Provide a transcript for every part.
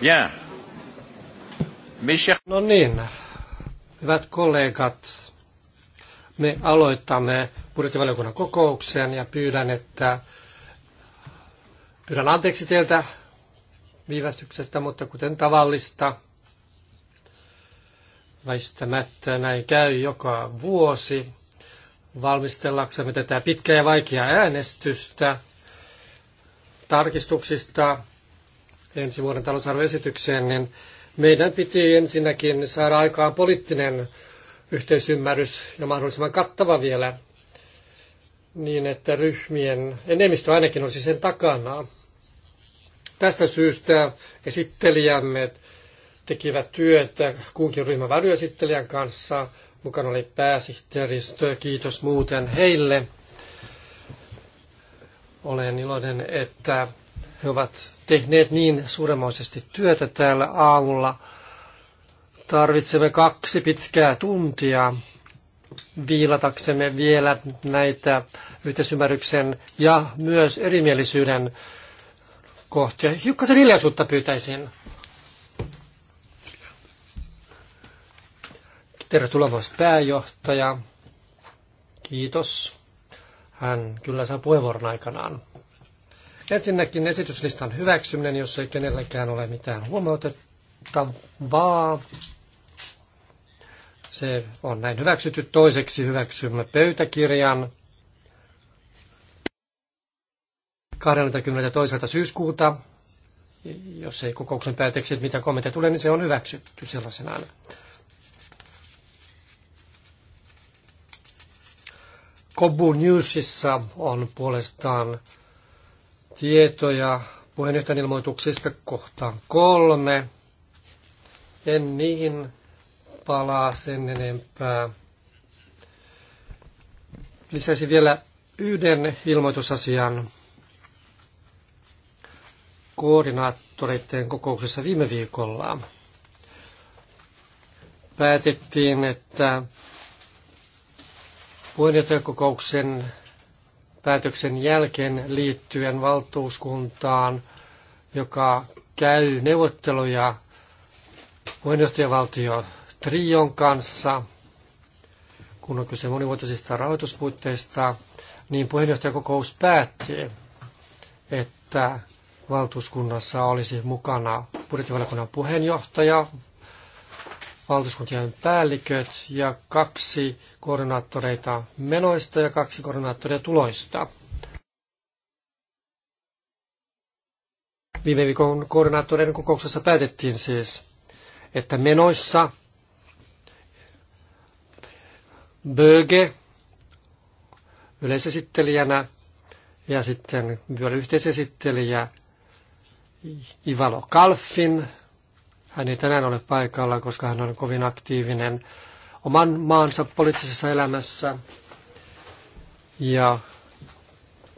Bien. No niin, hyvät kollegat, me aloitamme budjettivaliokunnan kokouksen ja pyydän, että pyydän anteeksi teiltä viivästyksestä, mutta kuten tavallista, väistämättä näin käy joka vuosi valmistellaksemme tätä pitkää ja vaikeaa äänestystä – tarkistuksista ensi vuoden talousarvoesitykseen, niin meidän piti ensinnäkin saada aikaan poliittinen yhteisymmärrys ja mahdollisimman kattava vielä niin, että ryhmien enemmistö ainakin olisi sen takana. Tästä syystä esittelijämme tekivät työtä kunkin ryhmän varjoesittelijän kanssa. Mukana oli pääsihteeristö, kiitos muuten heille. Olen iloinen, että he ovat tehneet niin suuremaisesti työtä täällä aamulla. Tarvitsemme kaksi pitkää tuntia viilataksemme vielä näitä yhteisymmärryksen ja myös erimielisyyden kohtia. Hiukkasen hiljaisuutta pyytäisin. Tervetuloa myös pääjohtaja. Kiitos. Hän kyllä saa puheenvuoron aikanaan. Ensinnäkin esityslistan hyväksyminen, jos ei kenelläkään ole mitään huomautettavaa. Se on näin hyväksytty. Toiseksi hyväksymme pöytäkirjan 22. syyskuuta. Jos ei kokouksen päätöksiä, mitä kommentteja tulee, niin se on hyväksytty sellaisenaan. Kobu Newsissa on puolestaan tietoja puheenjohtajan ilmoituksista kohtaan kolme. En niihin palaa sen enempää. Lisäisin vielä yhden ilmoitusasian koordinaattoreiden kokouksessa viime viikolla. Päätettiin, että puheenjohtajakokouksen päätöksen jälkeen liittyen valtuuskuntaan, joka käy neuvotteluja puheenjohtajavaltio Trion kanssa, kun on kyse monivuotisista rahoituspuitteista, niin puheenjohtajakokous päätti, että valtuuskunnassa olisi mukana budjettivaliokunnan puheenjohtaja valtuuskuntien päälliköt ja kaksi koordinaattoreita menoista ja kaksi koordinaattoria tuloista. Viime viikon koordinaattoreiden kokouksessa päätettiin siis, että menoissa Böge yleisesittelijänä ja sitten vielä yhteisesittelijä Ivalo Kalfin hän ei tänään ole paikalla, koska hän on kovin aktiivinen oman maansa poliittisessa elämässä. Ja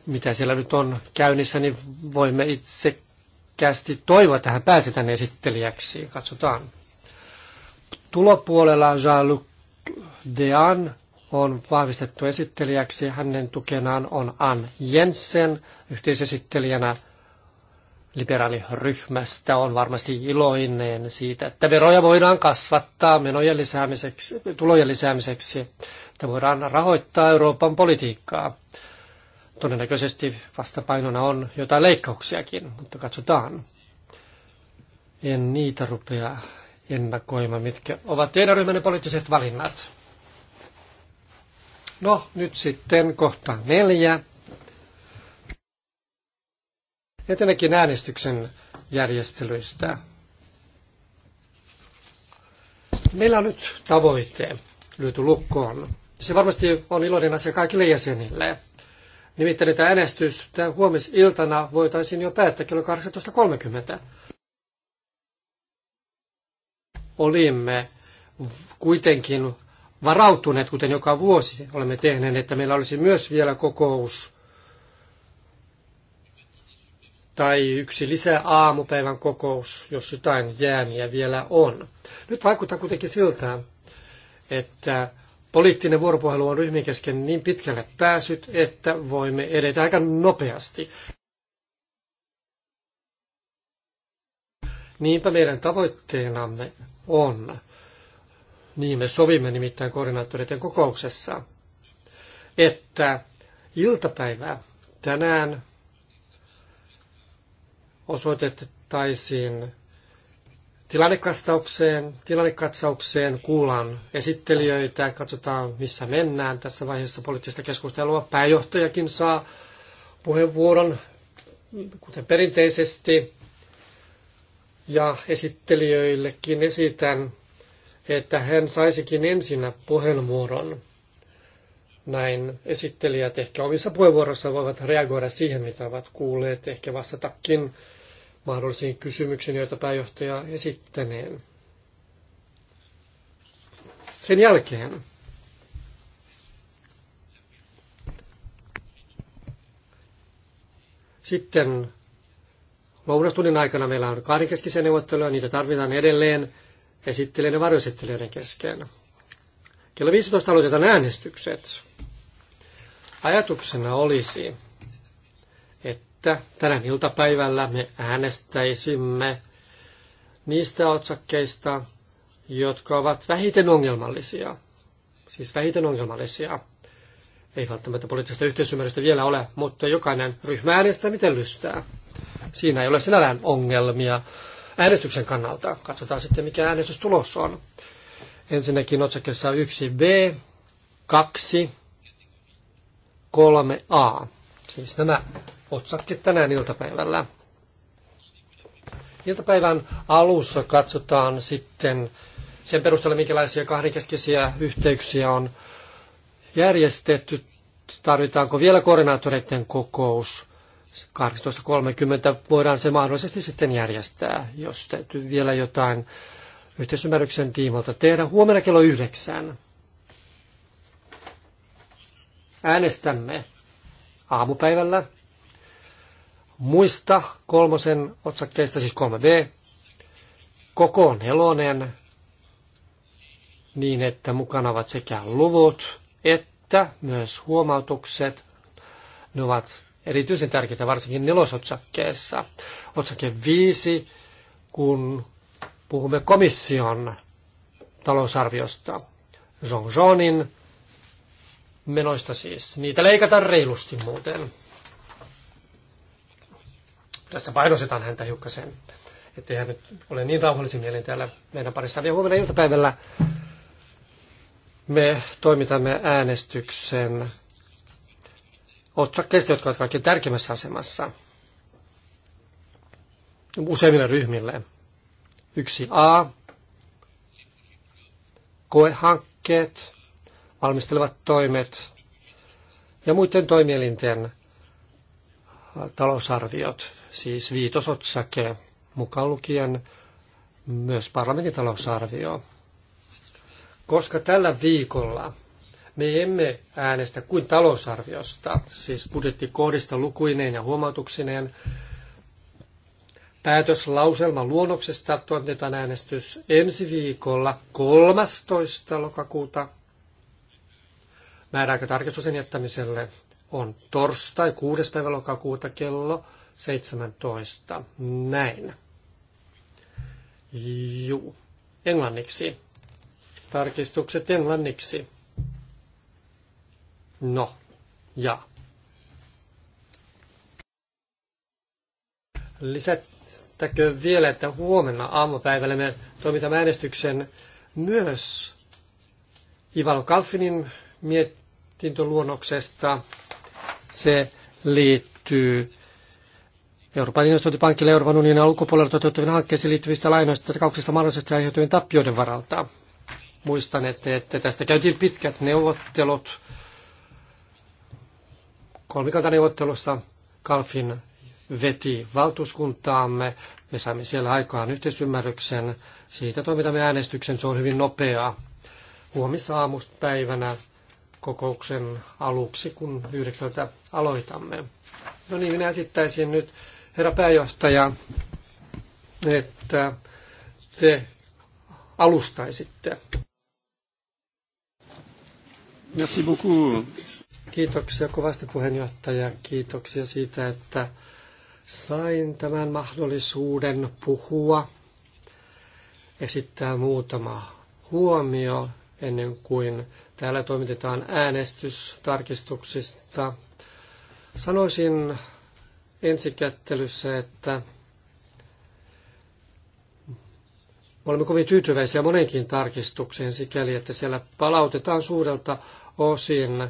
mitä siellä nyt on käynnissä, niin voimme itsekästi toivoa, että hän pääsee tänne esittelijäksi. Katsotaan. Tulopuolella Jean-Luc Dean on vahvistettu esittelijäksi. Hänen tukenaan on Ann Jensen yhteisesittelijänä – liberaaliryhmästä on varmasti iloinen siitä, että veroja voidaan kasvattaa menojen lisäämiseksi, tulojen lisäämiseksi, että voidaan rahoittaa Euroopan politiikkaa. Todennäköisesti vastapainona on jotain leikkauksiakin, mutta katsotaan. En niitä rupea ennakoimaan, mitkä ovat teidän ryhmänne poliittiset valinnat. No, nyt sitten kohta neljä. Ensinnäkin äänestyksen järjestelyistä. Meillä on nyt tavoite lyöty lukkoon. Se varmasti on iloinen asia kaikille jäsenille. Nimittäin äänestys äänestystä huomisiltana voitaisiin jo päättää kello 18.30. Olimme kuitenkin varautuneet, kuten joka vuosi olemme tehneet, että meillä olisi myös vielä kokous tai yksi lisää aamupäivän kokous, jos jotain jäämiä vielä on. Nyt vaikuttaa kuitenkin siltä, että poliittinen vuoropuhelu on ryhmien kesken niin pitkälle päässyt, että voimme edetä aika nopeasti. Niinpä meidän tavoitteenamme on, niin me sovimme nimittäin koordinaattoreiden kokouksessa, että iltapäivää tänään osoitettaisiin tilannekastaukseen, tilannekatsaukseen, kuullaan esittelijöitä, katsotaan missä mennään tässä vaiheessa poliittista keskustelua. Pääjohtajakin saa puheenvuoron, kuten perinteisesti, ja esittelijöillekin esitän, että hän saisikin ensinnä puheenvuoron. Näin esittelijät ehkä omissa puheenvuoroissa voivat reagoida siihen, mitä ovat kuulleet, ehkä vastatakin mahdollisiin kysymyksiin, joita pääjohtaja esittäneen. Sen jälkeen sitten lounastunnin aikana meillä on kahdenkeskisiä neuvotteluja, niitä tarvitaan edelleen esittelijöiden ja varjoesittelijöiden kesken. Kello 15 aloitetaan äänestykset. Ajatuksena olisi, että tänä iltapäivällä me äänestäisimme niistä otsakkeista, jotka ovat vähiten ongelmallisia. Siis vähiten ongelmallisia. Ei välttämättä poliittista yhteisymmärrystä vielä ole, mutta jokainen ryhmä äänestää miten lystää. Siinä ei ole sinällään ongelmia äänestyksen kannalta. Katsotaan sitten, mikä äänestystulos on. Ensinnäkin otsakkeessa 1b, 2, 3a. Siis nämä otsakke tänään iltapäivällä. Iltapäivän alussa katsotaan sitten sen perusteella, minkälaisia kahdenkeskeisiä yhteyksiä on järjestetty. Tarvitaanko vielä koordinaattoreiden kokous? 18.30 voidaan se mahdollisesti sitten järjestää, jos täytyy vielä jotain yhteisymmärryksen tiimolta tehdä. Huomenna kello yhdeksän äänestämme aamupäivällä muista kolmosen otsakkeista, siis 3b, koko nelonen, niin että mukana ovat sekä luvut että myös huomautukset. Ne ovat erityisen tärkeitä varsinkin nelosotsakkeessa. Otsake 5, kun puhumme komission talousarviosta. Jean Jeanin menoista siis. Niitä leikataan reilusti muuten tässä painostetaan häntä hiukkasen, ettei hän nyt ole niin rauhallisin mielin täällä meidän parissa. Ja huomenna iltapäivällä me toimitamme äänestyksen otsakkeista, jotka ovat kaikkein tärkeimmässä asemassa useimmille ryhmille. Yksi A, koehankkeet, valmistelevat toimet ja muiden toimielinten talousarviot siis viitosotsake, mukaan lukien myös parlamentin talousarvio. Koska tällä viikolla me emme äänestä kuin talousarviosta, siis budjettikohdista lukuineen ja huomautuksineen, päätöslauselman luonnoksesta toimitetaan äänestys ensi viikolla 13. lokakuuta. Määräaika tarkistuksen jättämiselle on torstai 6. päivä lokakuuta kello 17. Näin. Juu. Englanniksi. Tarkistukset englanniksi. No. Ja. Lisättäkö vielä, että huomenna aamupäivällä me toimitamme äänestyksen myös Ivalo Kalfinin mietintöluonnoksesta. Se liittyy Euroopan investointipankille Euroopan unionin ulkopuolella toteuttavien hankkeisiin liittyvistä lainoista ja takauksista mahdollisesti aiheutuvien tappioiden varalta. Muistan, että, että tästä käytiin pitkät neuvottelut kolmikantaneuvottelussa Kalfin veti valtuuskuntaamme. Me saimme siellä aikaan yhteisymmärryksen. Siitä toimitamme äänestyksen. Se on hyvin nopeaa. päivänä kokouksen aluksi, kun yhdeksältä aloitamme. No niin, minä esittäisin nyt herra pääjohtaja, että te alustaisitte. Merci beaucoup. Kiitoksia kovasti puheenjohtaja. Kiitoksia siitä, että sain tämän mahdollisuuden puhua, esittää muutama huomio ennen kuin täällä toimitetaan äänestys tarkistuksista. Sanoisin ensikättelyssä, että olemme kovin tyytyväisiä monenkin tarkistukseen sikäli, että siellä palautetaan suurelta osin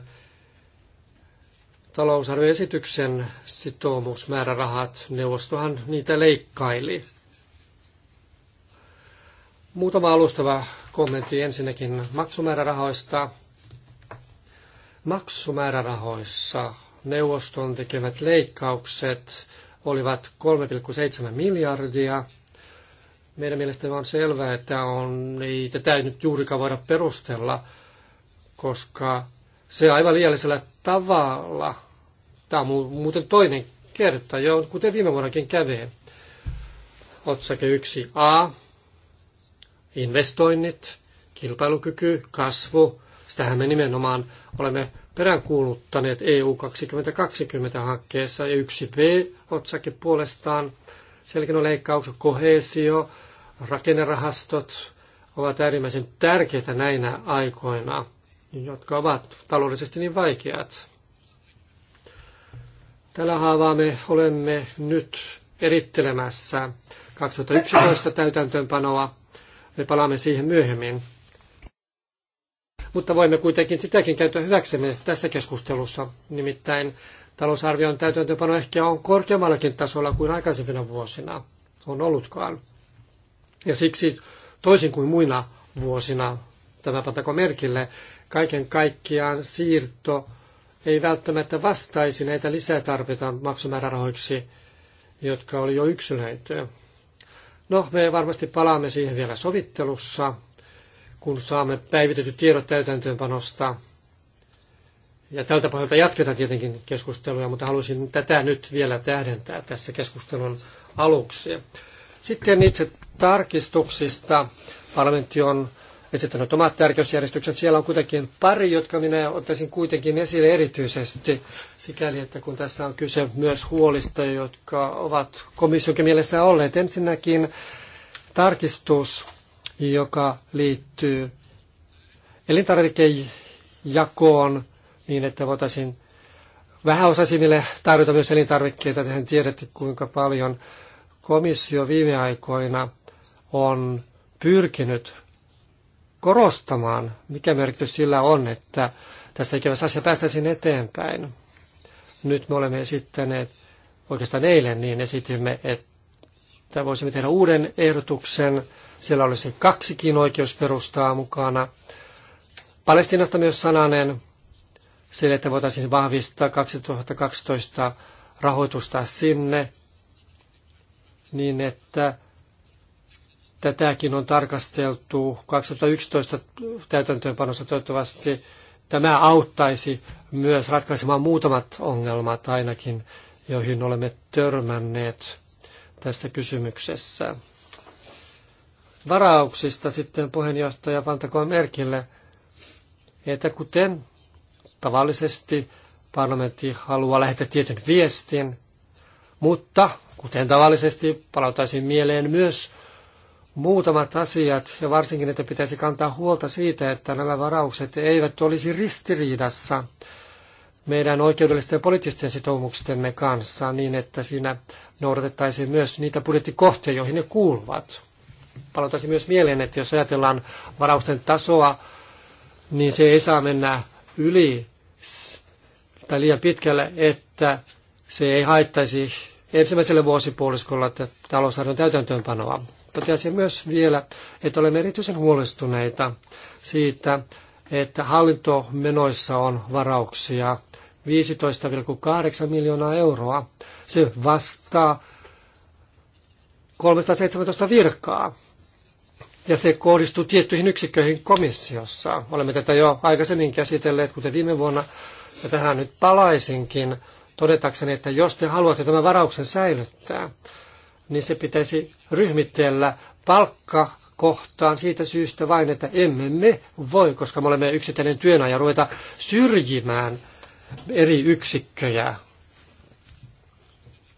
talousarvioesityksen sitoumusmäärärahat. Neuvostohan niitä leikkaili. Muutama alustava kommentti ensinnäkin maksumäärärahoista. Maksumäärärahoissa neuvoston tekemät leikkaukset olivat 3,7 miljardia. Meidän mielestämme on selvää, että on, ei tätä ei nyt juurikaan voida perustella, koska se aivan liiallisella tavalla, tämä on muuten toinen kerta jo, kuten viime vuonnakin kävi, otsake 1a, investoinnit, kilpailukyky, kasvu, sitähän me nimenomaan olemme peräänkuuluttaneet EU 2020-hankkeessa ja 1B-otsake puolestaan. Selkeän leikkaukset, kohesio, rakennerahastot ovat äärimmäisen tärkeitä näinä aikoina, jotka ovat taloudellisesti niin vaikeat. Tällä haavaa me olemme nyt erittelemässä 2011 täytäntöönpanoa. Me palaamme siihen myöhemmin mutta voimme kuitenkin sitäkin käyttää hyväksemme tässä keskustelussa. Nimittäin talousarvion täytäntöpano ehkä on korkeammallakin tasolla kuin aikaisempina vuosina on ollutkaan. Ja siksi toisin kuin muina vuosina, tämä pantako merkille, kaiken kaikkiaan siirto ei välttämättä vastaisi näitä lisätarpeita maksumäärärahoiksi, jotka oli jo yksilöity. No, me varmasti palaamme siihen vielä sovittelussa, kun saamme päivitetyt tiedot täytäntöönpanosta. Ja tältä pohjalta jatketaan tietenkin keskustelua, mutta haluaisin tätä nyt vielä tähdentää tässä keskustelun aluksi. Sitten itse tarkistuksista. Parlamentti on esittänyt omat tärkeysjärjestykset. Siellä on kuitenkin pari, jotka minä ottaisin kuitenkin esille erityisesti, sikäli että kun tässä on kyse myös huolista, jotka ovat komissionkin mielessä olleet. Ensinnäkin tarkistus joka liittyy elintarvikejakoon niin, että voitaisiin vähäosaisimmille tarjota myös elintarvikkeita. Tehän tiedätte, kuinka paljon komissio viime aikoina on pyrkinyt korostamaan, mikä merkitys sillä on, että tässä ikävässä asia päästäisiin eteenpäin. Nyt me olemme esittäneet, oikeastaan eilen niin esitimme, että voisimme tehdä uuden ehdotuksen siellä olisi kaksikin oikeusperustaa mukana. Palestinasta myös sananen sille, että voitaisiin vahvistaa 2012 rahoitusta sinne, niin että tätäkin on tarkasteltu 2011 täytäntöönpanossa toivottavasti tämä auttaisi myös ratkaisemaan muutamat ongelmat ainakin, joihin olemme törmänneet tässä kysymyksessä varauksista sitten puheenjohtaja pantakoon merkille, että kuten tavallisesti parlamentti haluaa lähettää tietyn viestin, mutta kuten tavallisesti palautaisin mieleen myös muutamat asiat ja varsinkin, että pitäisi kantaa huolta siitä, että nämä varaukset eivät olisi ristiriidassa meidän oikeudellisten ja poliittisten sitoumuksemme kanssa niin, että siinä noudatettaisiin myös niitä budjettikohtia, joihin ne kuuluvat palautaisin myös mieleen, että jos ajatellaan varausten tasoa, niin se ei saa mennä yli tai liian pitkälle, että se ei haittaisi ensimmäiselle vuosipuoliskolla että talousarvion täytäntöönpanoa. Toteaisin myös vielä, että olemme erityisen huolestuneita siitä, että hallintomenoissa on varauksia 15,8 miljoonaa euroa. Se vastaa 317 virkaa ja se kohdistuu tiettyihin yksikköihin komissiossa. Olemme tätä jo aikaisemmin käsitelleet, kuten viime vuonna, ja tähän nyt palaisinkin todetakseni, että jos te haluatte tämän varauksen säilyttää, niin se pitäisi ryhmitellä palkka kohtaan siitä syystä vain, että emme me voi, koska me olemme yksittäinen työnantaja, ruveta syrjimään eri yksikköjä.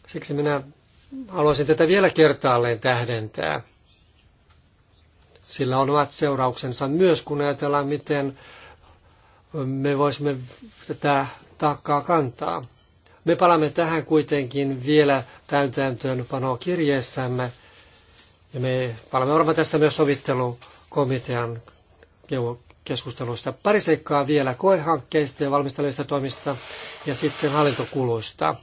Siksi minä haluaisin tätä vielä kertaalleen tähdentää. Sillä on omat seurauksensa myös, kun ajatellaan, miten me voisimme tätä taakkaa kantaa. Me palaamme tähän kuitenkin vielä täytäntöönpanoa kirjeessämme, ja me palaamme varmaan tässä myös sovittelukomitean keskustelusta. Pari seikkaa vielä koehankkeista ja valmistelevista toimista ja sitten hallintokuluista.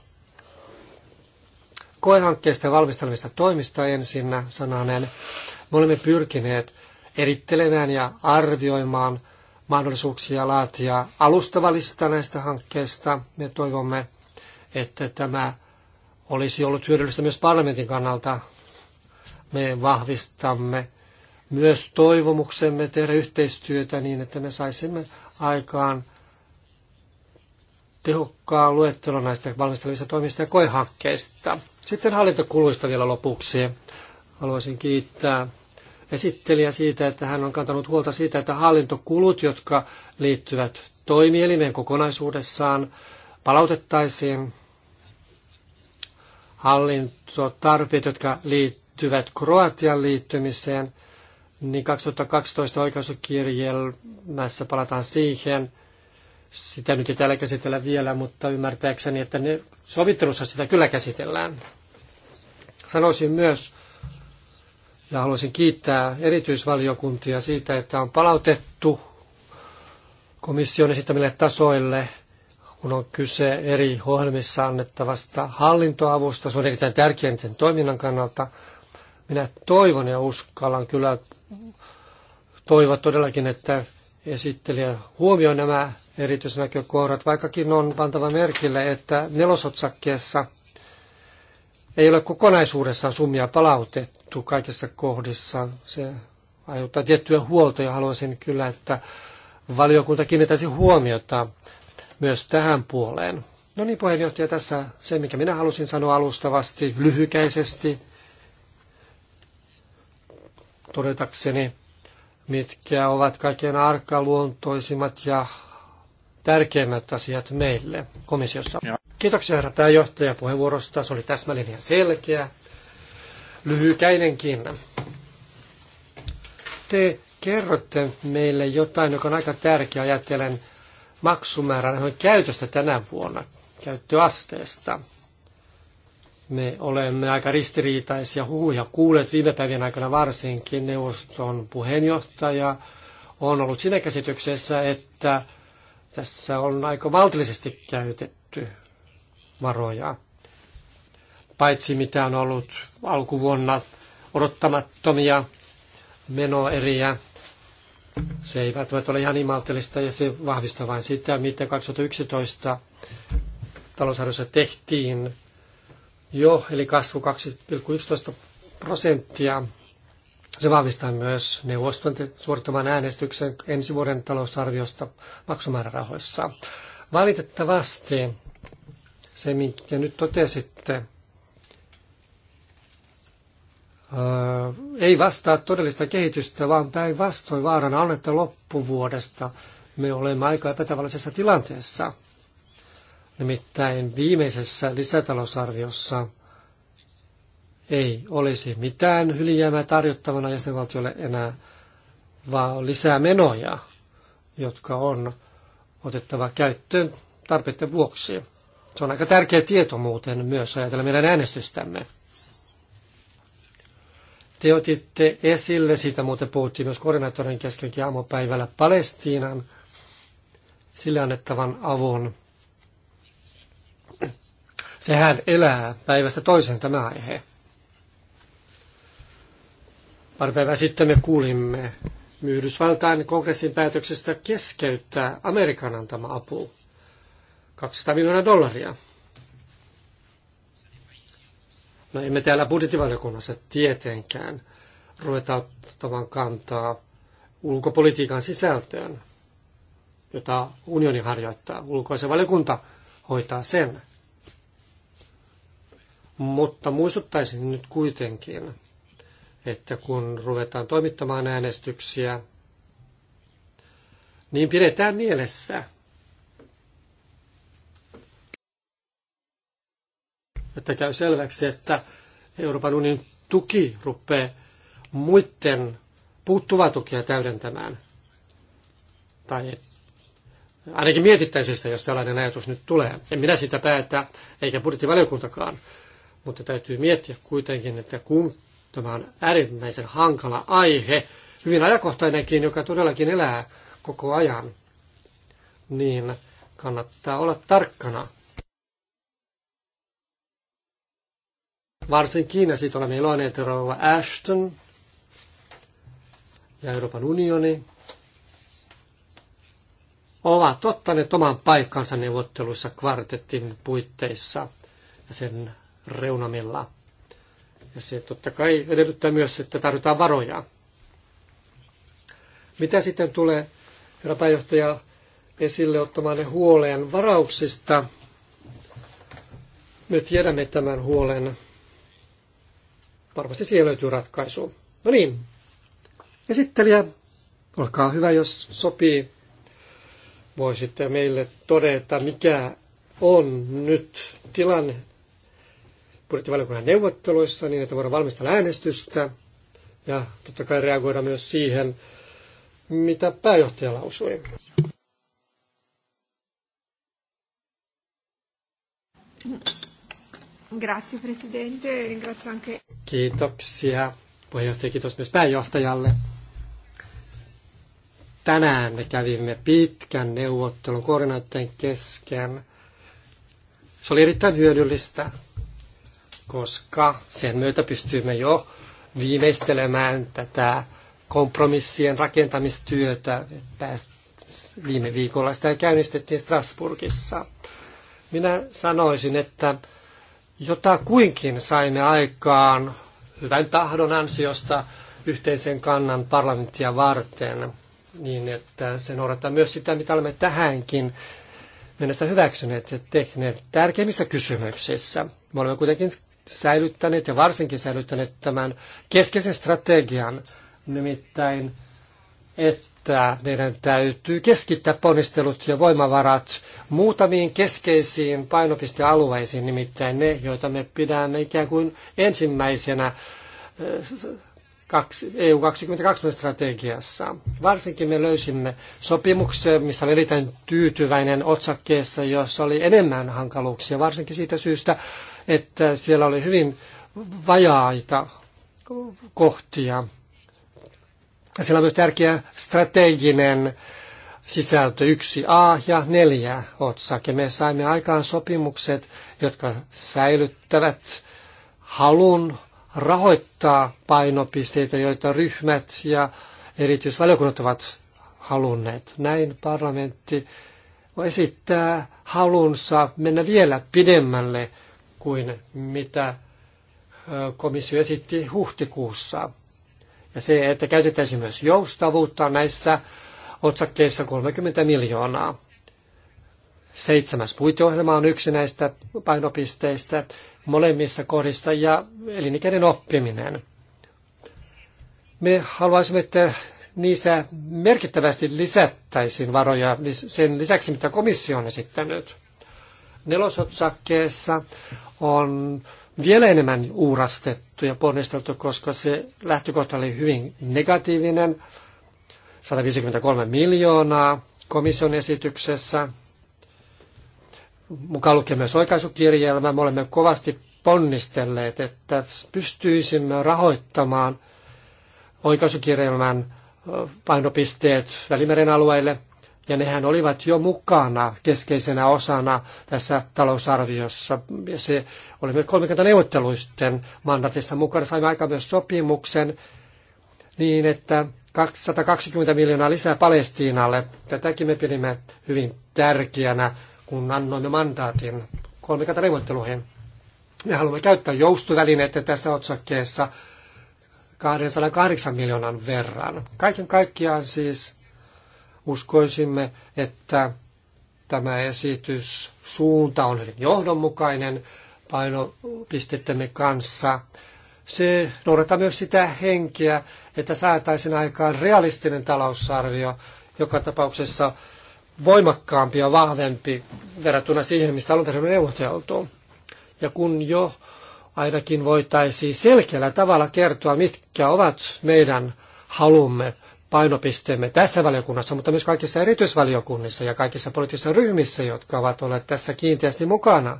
Koehankkeista ja valmistelevista toimista ensinnä sananen. Me olemme pyrkineet erittelemään ja arvioimaan mahdollisuuksia laatia alustavallista näistä hankkeista. Me toivomme, että tämä olisi ollut hyödyllistä myös parlamentin kannalta. Me vahvistamme myös toivomuksemme tehdä yhteistyötä niin, että me saisimme aikaan tehokkaan luettelon näistä valmistelevista toimista ja koehankkeista. Sitten hallintokuluista vielä lopuksi. Haluaisin kiittää esittelijä siitä, että hän on kantanut huolta siitä, että hallintokulut, jotka liittyvät toimielimeen kokonaisuudessaan, palautettaisiin. Hallintotarpeet, jotka liittyvät Kroatian liittymiseen, niin 2012 oikeuskirjelmässä palataan siihen. Sitä nyt ei täällä käsitellä vielä, mutta ymmärtääkseni, että ne sovittelussa sitä kyllä käsitellään. Sanoisin myös, ja haluaisin kiittää erityisvaliokuntia siitä, että on palautettu komission esittämille tasoille, kun on kyse eri ohjelmissa annettavasta hallintoavusta. Se on erittäin tärkeää toiminnan kannalta. Minä toivon ja uskallan kyllä toivoa todellakin, että esittelijä huomioi nämä erityisnäkökohdat, vaikkakin on pantava merkille, että nelosotsakkeessa – ei ole kokonaisuudessaan summia palautettu kaikissa kohdissa. Se aiheuttaa tiettyä huolta ja haluaisin kyllä, että valiokunta kiinnittäisi huomiota myös tähän puoleen. No niin, puheenjohtaja, tässä se, mikä minä halusin sanoa alustavasti, lyhykäisesti, todetakseni, mitkä ovat kaikkein arkaluontoisimmat ja tärkeimmät asiat meille komissiossa. Ja. Kiitoksia herra pääjohtaja puheenvuorosta. Se oli täsmällinen ja selkeä, lyhykäinenkin. Te kerrotte meille jotain, joka on aika tärkeä, ajatellen maksumäärän käytöstä tänä vuonna, käyttöasteesta. Me olemme aika ristiriitaisia huhuja kuulleet viime päivien aikana varsinkin. Neuvoston puheenjohtaja on ollut siinä käsityksessä, että tässä on aika maltillisesti käytetty varoja. Paitsi mitä on ollut alkuvuonna odottamattomia menoeriä, se ei välttämättä ole ihan imaltellista niin ja se vahvistaa vain sitä, mitä 2011 talousarviossa tehtiin jo, eli kasvu 2,11 prosenttia. Se vahvistaa myös neuvoston suorittaman äänestyksen ensi vuoden talousarviosta maksumäärärahoissa. Valitettavasti se, minkä nyt totesitte, äh, ei vastaa todellista kehitystä, vaan päinvastoin vaarana on, että loppuvuodesta me olemme aika epätavallisessa tilanteessa. Nimittäin viimeisessä lisätalousarviossa ei olisi mitään hyljäämää tarjottavana jäsenvaltiolle enää, vaan lisää menoja, jotka on otettava käyttöön tarpeiden vuoksi. Se on aika tärkeä tieto muuten myös ajatella meidän äänestystämme. Te otitte esille, siitä muuten puhuttiin myös koordinaattorin keskenkin aamupäivällä, Palestiinan sille annettavan avun. Sehän elää päivästä toiseen tämä aihe. Pari päivää sitten me kuulimme Yhdysvaltain kongressin päätöksestä keskeyttää Amerikan antama apu. 200 miljoonaa dollaria. No emme täällä budjettivaliokunnassa tietenkään ruveta ottamaan kantaa ulkopolitiikan sisältöön, jota unioni harjoittaa. Ulkoisen valiokunta hoitaa sen. Mutta muistuttaisin nyt kuitenkin, että kun ruvetaan toimittamaan äänestyksiä, niin pidetään mielessä – että käy selväksi, että Euroopan unionin tuki rupeaa muiden puuttuvaa tukia täydentämään. Tai ainakin mietittäisiin sitä, jos tällainen ajatus nyt tulee. En minä sitä päätä, eikä budjettivaliokuntakaan, mutta täytyy miettiä kuitenkin, että kun tämä on äärimmäisen hankala aihe, hyvin ajakohtainenkin, joka todellakin elää koko ajan, niin kannattaa olla tarkkana – Varsinkin, ja siitä olemme iloinen, että Ashton ja Euroopan unioni ovat ottaneet oman paikkansa neuvotteluissa kvartettin puitteissa ja sen reunamilla. Ja se totta kai edellyttää myös, että tarvitaan varoja. Mitä sitten tulee, herra pääjohtaja, esille ottamaan huoleen varauksista? Me tiedämme tämän huolen Varmasti siihen löytyy ratkaisu. No niin, esittelijä, olkaa hyvä, jos sopii. Voisitte meille todeta, mikä on nyt tilanne budjettivaliokunnan neuvotteluissa, niin että voidaan valmistella äänestystä ja totta kai reagoida myös siihen, mitä pääjohtaja lausui. Mm. Grazie Presidente, ringrazio anche... Kiitoksia puheenjohtaja, kiitos myös pääjohtajalle. Tänään me kävimme pitkän neuvottelun koordinaattorin kesken. Se oli erittäin hyödyllistä, koska sen myötä pystyimme jo viimeistelemään tätä kompromissien rakentamistyötä. Viime viikolla sitä käynnistettiin Strasburgissa. Minä sanoisin, että jota kuinkin saimme aikaan hyvän tahdon ansiosta yhteisen kannan parlamenttia varten, niin että se noudattaa myös sitä, mitä olemme tähänkin mennessä hyväksyneet ja tehneet tärkeimmissä kysymyksissä. Me olemme kuitenkin säilyttäneet ja varsinkin säilyttäneet tämän keskeisen strategian, nimittäin, että että meidän täytyy keskittää ponnistelut ja voimavarat muutamiin keskeisiin painopistealueisiin, nimittäin ne, joita me pidämme ikään kuin ensimmäisenä EU eh, e 2020 strategiassa. Varsinkin me löysimme sopimuksen, missä oli erittäin tyytyväinen otsakkeessa, jossa oli enemmän hankaluuksia, varsinkin siitä syystä, että siellä oli hyvin vajaita kohtia. Ja siellä on myös tärkeä strateginen sisältö 1a ja 4 otsake. Me saimme aikaan sopimukset, jotka säilyttävät halun rahoittaa painopisteitä, joita ryhmät ja erityisvaliokunnat ovat halunneet. Näin parlamentti esittää halunsa mennä vielä pidemmälle kuin mitä komissio esitti huhtikuussa. Ja se, että käytettäisiin myös joustavuutta näissä otsakkeissa 30 miljoonaa. Seitsemäs puiteohjelma on yksi näistä painopisteistä molemmissa kohdissa ja elinikäinen oppiminen. Me haluaisimme, että niissä merkittävästi lisättäisiin varoja sen lisäksi, mitä komissio on esittänyt. Nelosotsakkeessa on vielä enemmän uurastettu ja ponnisteltu, koska se lähtökohta oli hyvin negatiivinen. 153 miljoonaa komission esityksessä, mukaan lukee myös oikaisukirjelmä. Me olemme kovasti ponnistelleet, että pystyisimme rahoittamaan oikaisukirjelmän painopisteet Välimeren alueille – ja nehän olivat jo mukana keskeisenä osana tässä talousarviossa. Ja se, oli myös 30 neuvotteluisten mandatissa mukana, saimme aika myös sopimuksen niin, että 220 miljoonaa lisää Palestiinalle. Tätäkin me pidimme hyvin tärkeänä, kun annoimme mandaatin 30 neuvotteluihin. Me haluamme käyttää joustuvälineitä tässä otsakkeessa 208 miljoonan verran. Kaiken kaikkiaan siis Uskoisimme, että tämä esitys suunta on hyvin johdonmukainen painopistettemme kanssa. Se noudattaa myös sitä henkeä, että saataisiin aikaan realistinen talousarvio, joka tapauksessa voimakkaampi ja vahvempi verrattuna siihen, mistä alun perin neuvoteltu. Ja kun jo ainakin voitaisiin selkeällä tavalla kertoa, mitkä ovat meidän halumme painopisteemme tässä valiokunnassa, mutta myös kaikissa erityisvaliokunnissa ja kaikissa poliittisissa ryhmissä, jotka ovat olleet tässä kiinteästi mukana.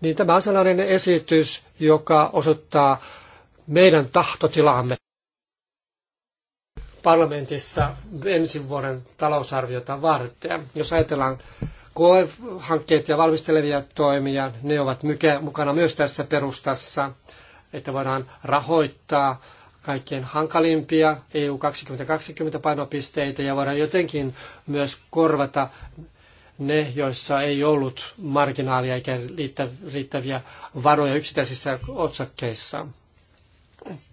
Niin tämä on sellainen esitys, joka osoittaa meidän tahtotilaamme parlamentissa ensi vuoden talousarviota varten. Jos ajatellaan koehankkeet ja valmistelevia toimia, ne ovat mukana myös tässä perustassa, että voidaan rahoittaa kaikkein hankalimpia EU 2020 painopisteitä ja voidaan jotenkin myös korvata ne, joissa ei ollut marginaalia eikä riittäviä varoja yksittäisissä otsakkeissa.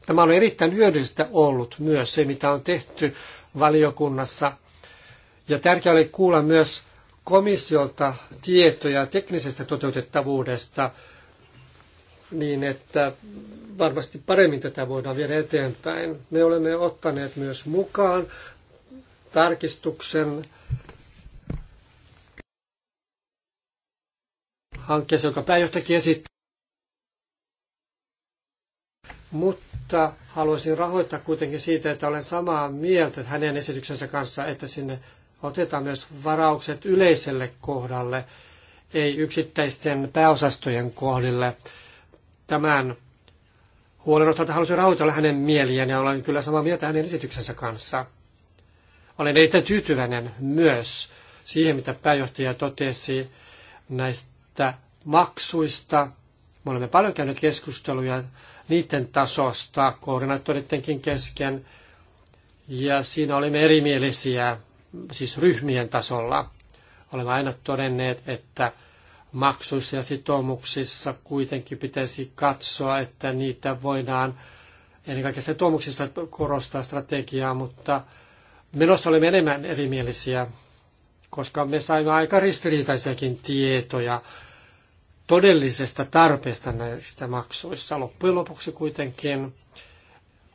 Tämä on erittäin hyödyllistä ollut myös se, mitä on tehty valiokunnassa. Ja tärkeää oli kuulla myös komissiolta tietoja teknisestä toteutettavuudesta niin, että varmasti paremmin tätä voidaan viedä eteenpäin. Me olemme ottaneet myös mukaan tarkistuksen hankkeeseen, jonka pääjohtajakin esittää. Mutta haluaisin rahoittaa kuitenkin siitä, että olen samaa mieltä hänen esityksensä kanssa, että sinne otetaan myös varaukset yleiselle kohdalle, ei yksittäisten pääosastojen kohdille. Tämän huolenotto, että halusin rauhoitella hänen mieliään ja olen kyllä samaa mieltä hänen esityksensä kanssa. Olen erittäin tyytyväinen myös siihen, mitä pääjohtaja totesi näistä maksuista. Me olemme paljon käyneet keskusteluja niiden tasosta koordinaattorittenkin kesken ja siinä olimme erimielisiä, siis ryhmien tasolla. Olemme aina todenneet, että maksuissa ja sitoumuksissa kuitenkin pitäisi katsoa, että niitä voidaan ennen kaikkea sitoumuksissa korostaa strategiaa, mutta menossa olemme enemmän erimielisiä, koska me saimme aika ristiriitaisiakin tietoja todellisesta tarpeesta näistä maksuissa. Loppujen lopuksi kuitenkin,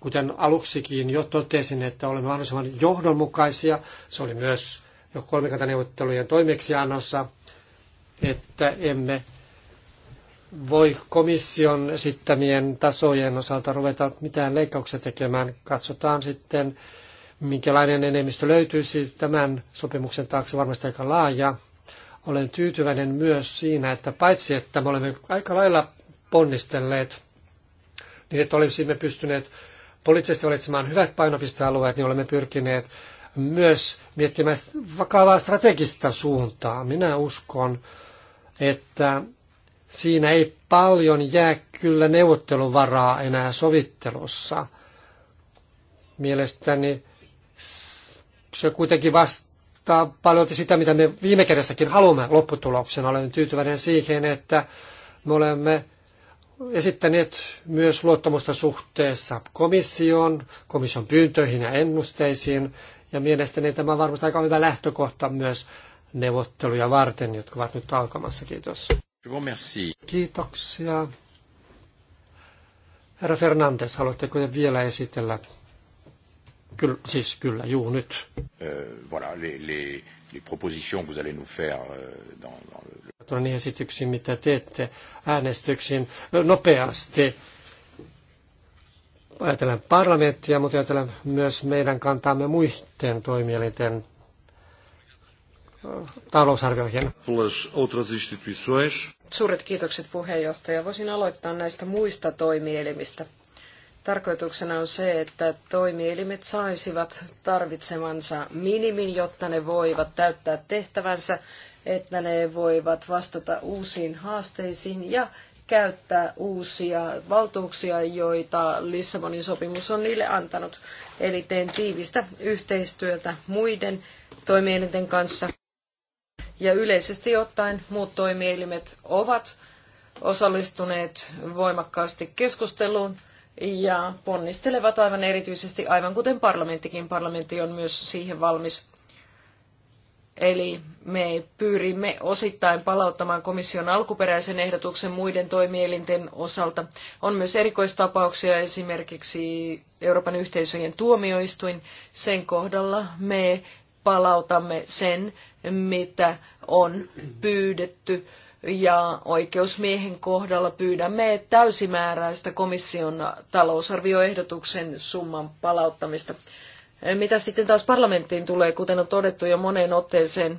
kuten aluksikin jo totesin, että olemme mahdollisimman johdonmukaisia. Se oli myös jo kolmikantaneuvottelujen toimeksiannossa että emme voi komission esittämien tasojen osalta ruveta mitään leikkauksia tekemään. Katsotaan sitten, minkälainen enemmistö löytyisi tämän sopimuksen taakse, varmasti aika laaja. Olen tyytyväinen myös siinä, että paitsi että me olemme aika lailla ponnistelleet, niin että olisimme pystyneet poliittisesti valitsemaan hyvät painopistealueet, niin olemme pyrkineet myös miettimään vakavaa strategista suuntaa. Minä uskon, että siinä ei paljon jää kyllä neuvotteluvaraa enää sovittelussa. Mielestäni se kuitenkin vastaa paljon sitä, mitä me viime kädessäkin haluamme lopputuloksen Olen tyytyväinen siihen, että me olemme esittäneet myös luottamusta suhteessa komission, komission pyyntöihin ja ennusteisiin. Ja mielestäni tämä on varmasti aika hyvä lähtökohta myös neuvotteluja varten, jotka ovat nyt alkamassa. Kiitos. Kiitoksia. Herra Fernandes, haluatteko te vielä esitellä? Ky- siis kyllä, juu nyt. Euh, voilà, les, les, les propositions vous allez nous faire euh, dans, dans le... Tuon niin esityksiin, mitä teette äänestyksiin nopeasti. Ajatellaan parlamenttia, mutta ajatellaan myös meidän kantaamme muiden toimielinten talousarvioihin. Suuret kiitokset puheenjohtaja. Voisin aloittaa näistä muista toimielimistä. Tarkoituksena on se, että toimielimet saisivat tarvitsemansa minimin, jotta ne voivat täyttää tehtävänsä, että ne voivat vastata uusiin haasteisiin ja käyttää uusia valtuuksia, joita Lissabonin sopimus on niille antanut. Eli teen tiivistä yhteistyötä muiden toimielinten kanssa. Ja yleisesti ottaen muut toimielimet ovat osallistuneet voimakkaasti keskusteluun ja ponnistelevat aivan erityisesti, aivan kuten parlamenttikin. Parlamentti on myös siihen valmis. Eli me pyrimme osittain palauttamaan komission alkuperäisen ehdotuksen muiden toimielinten osalta. On myös erikoistapauksia, esimerkiksi Euroopan yhteisöjen tuomioistuin. Sen kohdalla me palautamme sen mitä on pyydetty. Ja oikeusmiehen kohdalla pyydämme täysimääräistä komission talousarvioehdotuksen summan palauttamista. Mitä sitten taas parlamenttiin tulee, kuten on todettu jo moneen otteeseen,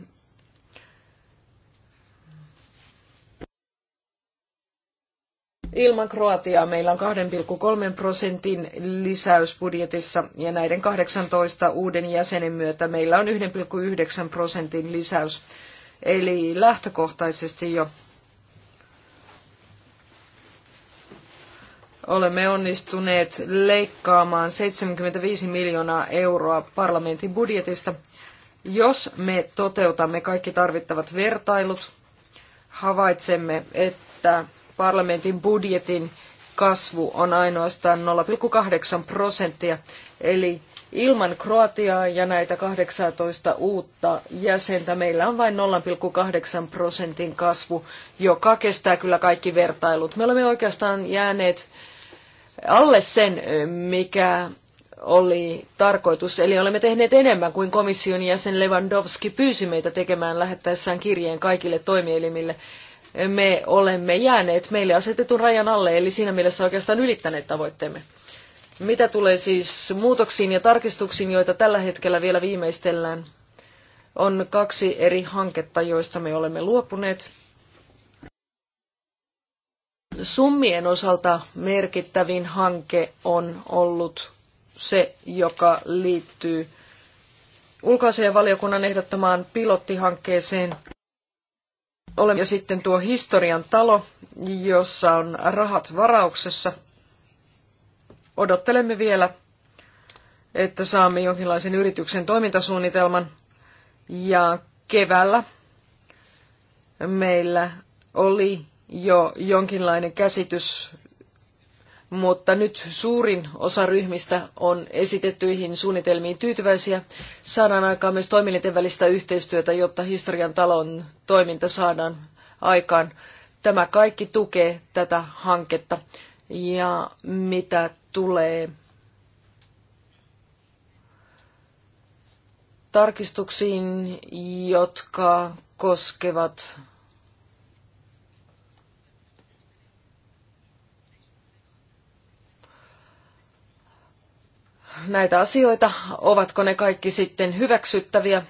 Ilman Kroatiaa meillä on 2,3 prosentin lisäys budjetissa ja näiden 18 uuden jäsenen myötä meillä on 1,9 prosentin lisäys. Eli lähtökohtaisesti jo olemme onnistuneet leikkaamaan 75 miljoonaa euroa parlamentin budjetista. Jos me toteutamme kaikki tarvittavat vertailut, havaitsemme, että parlamentin budjetin kasvu on ainoastaan 0,8 prosenttia, eli ilman Kroatiaa ja näitä 18 uutta jäsentä meillä on vain 0,8 prosentin kasvu, joka kestää kyllä kaikki vertailut. Me olemme oikeastaan jääneet alle sen, mikä oli tarkoitus. Eli olemme tehneet enemmän kuin komission jäsen Lewandowski pyysi meitä tekemään lähettäessään kirjeen kaikille toimielimille me olemme jääneet meille asetetun rajan alle, eli siinä mielessä oikeastaan ylittäneet tavoitteemme. Mitä tulee siis muutoksiin ja tarkistuksiin, joita tällä hetkellä vielä viimeistellään, on kaksi eri hanketta, joista me olemme luopuneet. Summien osalta merkittävin hanke on ollut se, joka liittyy ulkoasianvaliokunnan ehdottamaan pilottihankkeeseen – olemme ja sitten tuo historian talo, jossa on rahat varauksessa. Odottelemme vielä, että saamme jonkinlaisen yrityksen toimintasuunnitelman. Ja keväällä meillä oli jo jonkinlainen käsitys mutta nyt suurin osa ryhmistä on esitettyihin suunnitelmiin tyytyväisiä. Saadaan aikaan myös toimielinten välistä yhteistyötä, jotta historian talon toiminta saadaan aikaan. Tämä kaikki tukee tätä hanketta. Ja mitä tulee tarkistuksiin, jotka koskevat näitä asioita, ovatko ne kaikki sitten hyväksyttäviä.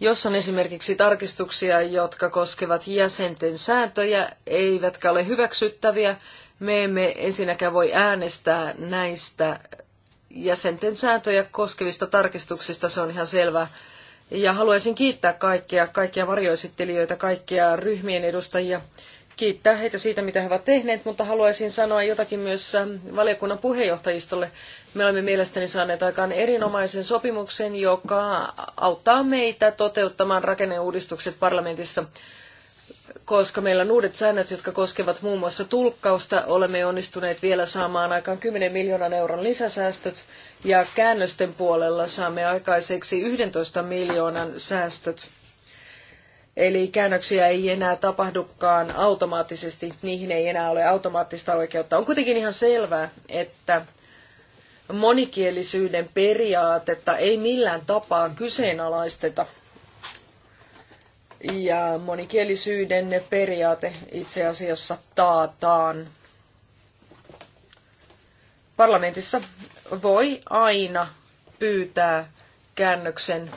Jos on esimerkiksi tarkistuksia, jotka koskevat jäsenten sääntöjä, eivätkä ole hyväksyttäviä, me emme ensinnäkään voi äänestää näistä jäsenten sääntöjä koskevista tarkistuksista, se on ihan selvä. Ja haluaisin kiittää kaikkia, kaikkia varjoesittelijöitä, kaikkia ryhmien edustajia, kiittää heitä siitä, mitä he ovat tehneet, mutta haluaisin sanoa jotakin myös ähm, valiokunnan puheenjohtajistolle. Me olemme mielestäni saaneet aikaan erinomaisen sopimuksen, joka auttaa meitä toteuttamaan rakenneuudistukset parlamentissa koska meillä on uudet säännöt, jotka koskevat muun muassa tulkkausta, olemme onnistuneet vielä saamaan aikaan 10 miljoonan euron lisäsäästöt ja käännösten puolella saamme aikaiseksi 11 miljoonan säästöt. Eli käännöksiä ei enää tapahdukaan automaattisesti, niihin ei enää ole automaattista oikeutta. On kuitenkin ihan selvää, että monikielisyyden periaatetta ei millään tapaa kyseenalaisteta. Ja monikielisyyden periaate itse asiassa taataan. Parlamentissa voi aina pyytää käännöksen.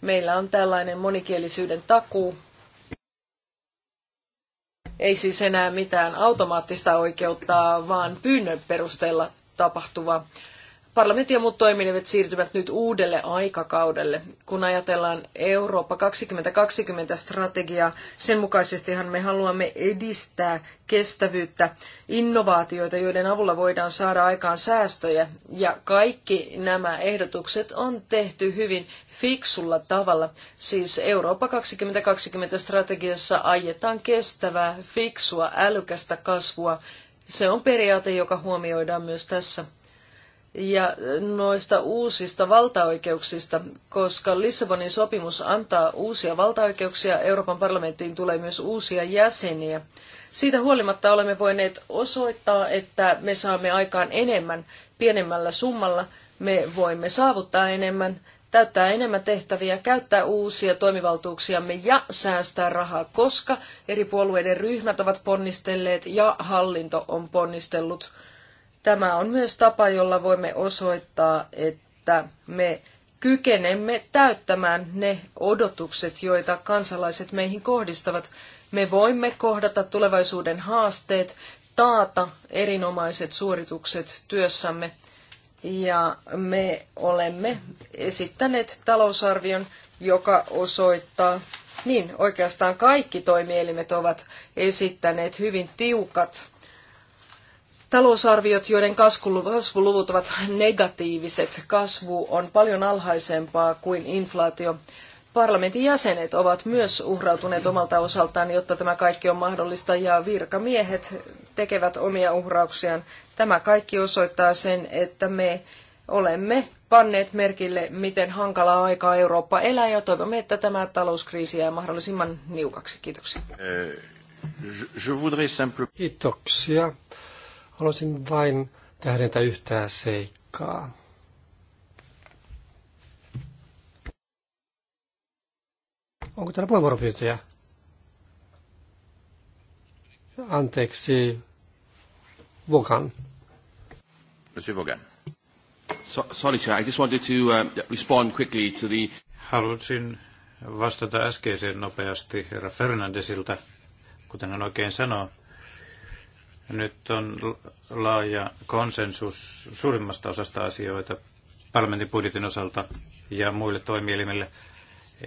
Meillä on tällainen monikielisyyden takuu. Ei siis enää mitään automaattista oikeutta, vaan pyynnön perusteella tapahtuva Parlamentti ja muut toiminimet siirtyvät nyt uudelle aikakaudelle. Kun ajatellaan Eurooppa 2020-strategiaa, sen mukaisestihan me haluamme edistää kestävyyttä, innovaatioita, joiden avulla voidaan saada aikaan säästöjä. Ja kaikki nämä ehdotukset on tehty hyvin fiksulla tavalla. Siis Eurooppa 2020-strategiassa ajetaan kestävää, fiksua, älykästä kasvua. Se on periaate, joka huomioidaan myös tässä ja noista uusista valtaoikeuksista, koska Lissabonin sopimus antaa uusia valtaoikeuksia, Euroopan parlamenttiin tulee myös uusia jäseniä. Siitä huolimatta olemme voineet osoittaa, että me saamme aikaan enemmän pienemmällä summalla, me voimme saavuttaa enemmän, täyttää enemmän tehtäviä, käyttää uusia toimivaltuuksiamme ja säästää rahaa, koska eri puolueiden ryhmät ovat ponnistelleet ja hallinto on ponnistellut – Tämä on myös tapa, jolla voimme osoittaa, että me kykenemme täyttämään ne odotukset, joita kansalaiset meihin kohdistavat. Me voimme kohdata tulevaisuuden haasteet, taata erinomaiset suoritukset työssämme. Ja me olemme esittäneet talousarvion, joka osoittaa, niin oikeastaan kaikki toimielimet ovat esittäneet hyvin tiukat Talousarviot, joiden kasvuluvut ovat negatiiviset, kasvu on paljon alhaisempaa kuin inflaatio. Parlamentin jäsenet ovat myös uhrautuneet omalta osaltaan, jotta tämä kaikki on mahdollista, ja virkamiehet tekevät omia uhrauksiaan. Tämä kaikki osoittaa sen, että me olemme panneet merkille, miten hankalaa aikaa Eurooppa elää, ja toivomme, että tämä talouskriisi jää mahdollisimman niukaksi. Kiitoksia. Eh, Kiitoksia. Haluaisin vain tähdentää yhtään seikkaa. Onko täällä puheenvuoropyyntöjä? Anteeksi, Vogan. Monsieur Vogan. So, sorry, sir. I just wanted to uh, respond quickly to the... Haluaisin vastata äskeiseen nopeasti herra Fernandesilta, kuten hän oikein sanoi. Nyt on laaja konsensus suurimmasta osasta asioita parlamentin budjetin osalta ja muille toimielimille.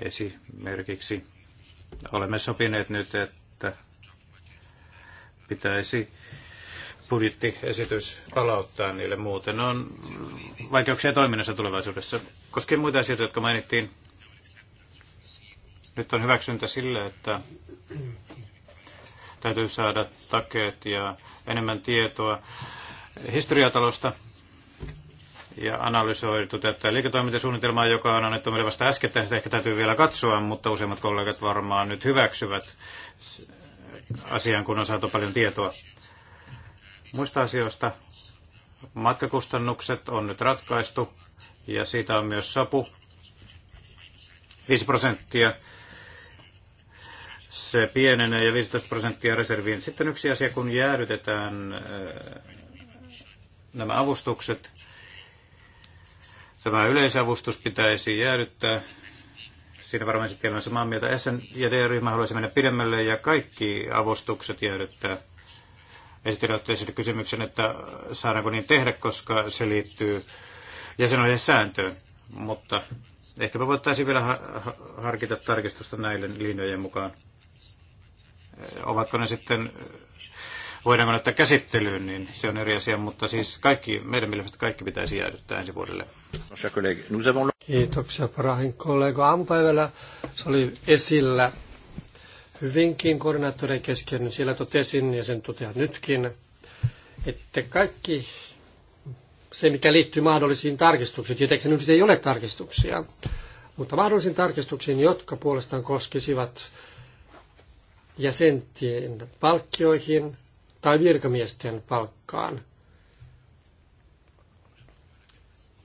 Esimerkiksi olemme sopineet nyt, että pitäisi budjettiesitys palauttaa niille. Muuten on vaikeuksia toiminnassa tulevaisuudessa. Koskien muita asioita, jotka mainittiin, nyt on hyväksyntä sille, että Täytyy saada takeet ja enemmän tietoa historiatalosta ja analysoitu tätä liiketoimintasuunnitelmaa, joka on annettu meille vasta äskettäin. Sitä ehkä täytyy vielä katsoa, mutta useimmat kollegat varmaan nyt hyväksyvät asian, kun on saatu paljon tietoa. Muista asioista matkakustannukset on nyt ratkaistu ja siitä on myös sapu 5 prosenttia se pienenee ja 15 prosenttia reserviin. Sitten yksi asia, kun jäädytetään eh, nämä avustukset, tämä yleisavustus pitäisi jäädyttää. Siinä varmaan sitten on samaa mieltä. SN ja D-ryhmä haluaisi mennä pidemmälle ja kaikki avustukset jäädyttää. Esitin otti esille kysymyksen, että saadaanko niin tehdä, koska se liittyy jäsenojen sääntöön. Mutta ehkä me voitaisiin vielä harkita tarkistusta näille linjojen mukaan ovatko ne sitten, voidaanko ne ottaa käsittelyyn, niin se on eri asia, mutta siis kaikki, meidän mielestä kaikki pitäisi jäädyttää ensi vuodelle. Kiitoksia parahin kollega. Aamupäivällä se oli esillä hyvinkin koordinaattoreiden kesken. Siellä totesin, ja sen totean nytkin, että kaikki se, mikä liittyy mahdollisiin tarkistuksiin, tietenkin nyt ei ole tarkistuksia, mutta mahdollisiin tarkistuksiin, jotka puolestaan koskisivat jäsentien palkkioihin tai virkamiesten palkkaan.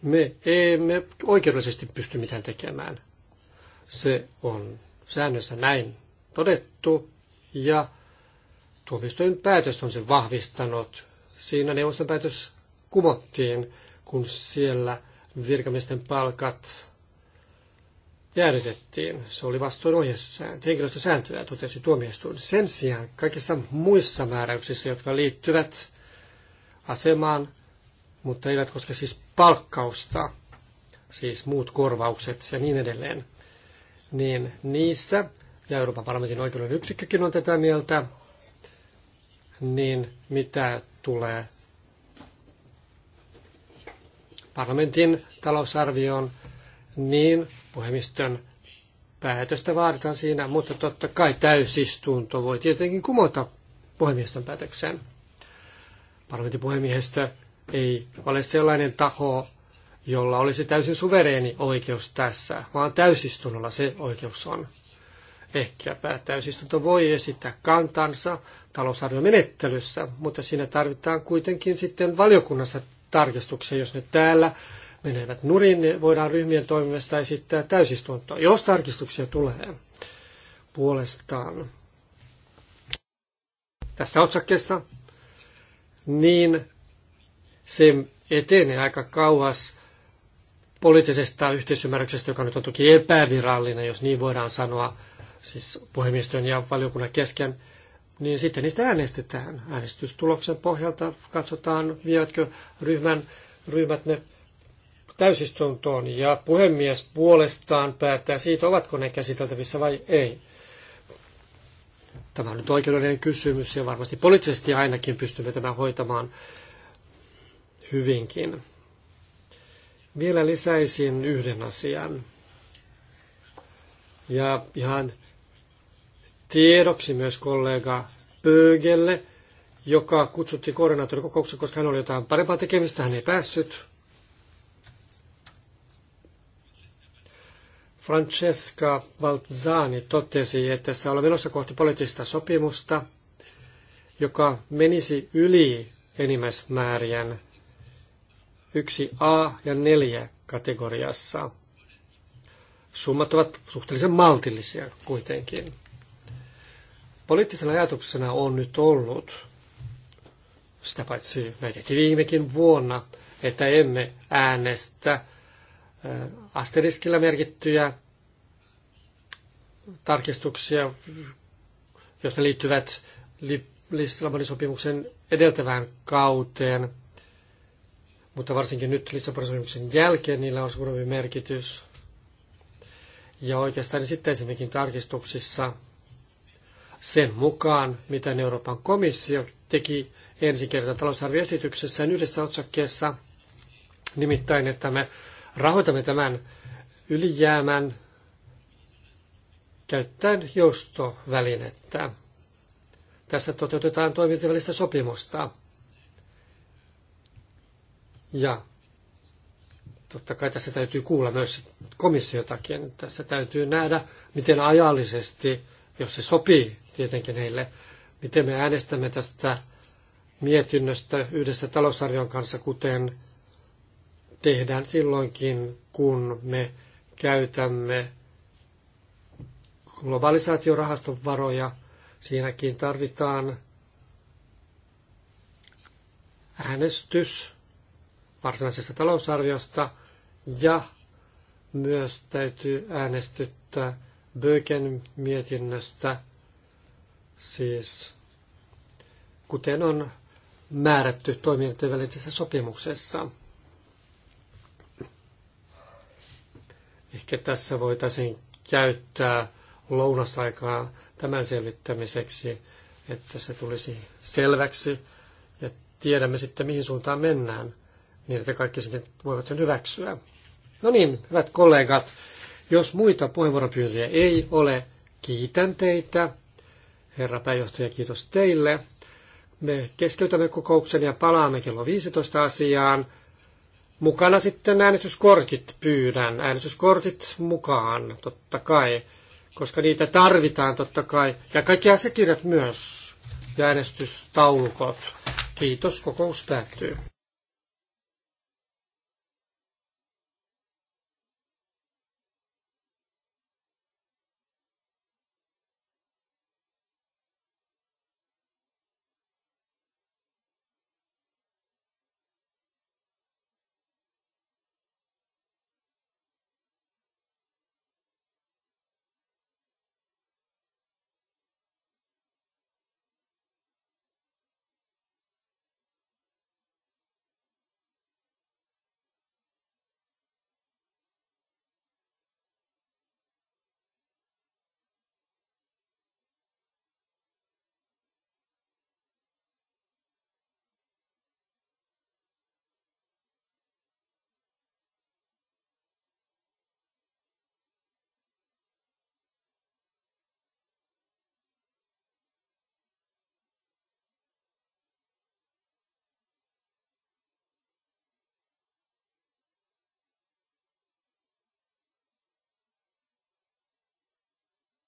Me emme oikeudellisesti pysty mitään tekemään. Se on säännössä näin todettu ja tuomistojen päätös on sen vahvistanut. Siinä neuvoston päätös kumottiin, kun siellä virkamiesten palkat jäädytettiin. Se oli vastoin ohjesääntö, henkilöstösääntöä, totesi tuomioistuin. Sen sijaan kaikissa muissa määräyksissä, jotka liittyvät asemaan, mutta eivät koske siis palkkausta, siis muut korvaukset ja niin edelleen, niin niissä, ja Euroopan parlamentin oikeuden yksikkökin on tätä mieltä, niin mitä tulee parlamentin talousarvioon, niin puhemiston päätöstä vaaditaan siinä, mutta totta kai täysistunto voi tietenkin kumota puhemiston päätöksen. Parlamentin puhemiehestö ei ole sellainen taho, jolla olisi täysin suvereeni oikeus tässä, vaan täysistunnolla se oikeus on. Ehkäpä täysistunto voi esittää kantansa talousarviomenettelyssä, mutta siinä tarvitaan kuitenkin sitten valiokunnassa tarkistuksia, jos ne täällä menevät nurin, ne voidaan ryhmien toimesta esittää täysistuntoa, jos tarkistuksia tulee puolestaan. Tässä otsakkeessa, niin se etenee aika kauas poliittisesta yhteisymmärryksestä, joka nyt on toki epävirallinen, jos niin voidaan sanoa, siis puhemiestön ja valiokunnan kesken, niin sitten niistä äänestetään. Äänestystuloksen pohjalta katsotaan, vievätkö ryhmän, ryhmät ne täysistuntoon ja puhemies puolestaan päättää siitä, ovatko ne käsiteltävissä vai ei. Tämä on nyt oikeudellinen kysymys ja varmasti poliittisesti ainakin pystymme tämän hoitamaan hyvinkin. Vielä lisäisin yhden asian. Ja ihan tiedoksi myös kollega Pöögelle, joka kutsuttiin koordinaattorikokoukseen, koska hän oli jotain parempaa tekemistä, hän ei päässyt. Francesca Valzani totesi, että tässä ollaan menossa kohti poliittista sopimusta, joka menisi yli enimmäismäärien 1A ja 4 kategoriassa. Summat ovat suhteellisen maltillisia kuitenkin. Poliittisena ajatuksena on nyt ollut, sitä paitsi väitettiin viimekin vuonna, että emme äänestä asteriskillä merkittyjä tarkistuksia, jos ne liittyvät Lissabonin sopimuksen edeltävään kauteen, mutta varsinkin nyt Lissabonin sopimuksen jälkeen niillä on suurempi merkitys. Ja oikeastaan esittäisimmekin tarkistuksissa sen mukaan, mitä Euroopan komissio teki ensi kertaa talousarvioesityksessä yhdessä otsakkeessa, nimittäin, että me rahoitamme tämän ylijäämän käyttäen joustovälinettä. Tässä toteutetaan toimintavälistä sopimusta. Ja totta kai tässä täytyy kuulla myös komissiotakin. Tässä täytyy nähdä, miten ajallisesti, jos se sopii tietenkin heille, miten me äänestämme tästä mietinnöstä yhdessä talousarvion kanssa, kuten tehdään silloinkin, kun me käytämme globalisaatiorahaston varoja. Siinäkin tarvitaan äänestys varsinaisesta talousarviosta ja myös täytyy äänestyttää Böken mietinnöstä, siis kuten on määrätty toimijoiden välisessä sopimuksessa. Ehkä tässä voitaisiin käyttää lounasaikaa tämän selvittämiseksi, että se tulisi selväksi ja tiedämme sitten, mihin suuntaan mennään, niin että kaikki sitten voivat sen hyväksyä. No niin, hyvät kollegat, jos muita puheenvuoropyyntöjä ei ole, kiitän teitä. Herra pääjohtaja, kiitos teille. Me keskeytämme kokouksen ja palaamme kello 15 asiaan. Mukana sitten äänestyskortit pyydän, äänestyskortit mukaan totta kai, koska niitä tarvitaan totta kai. Ja kaikki asiakirjat myös ja äänestystaulukot. Kiitos, kokous päättyy.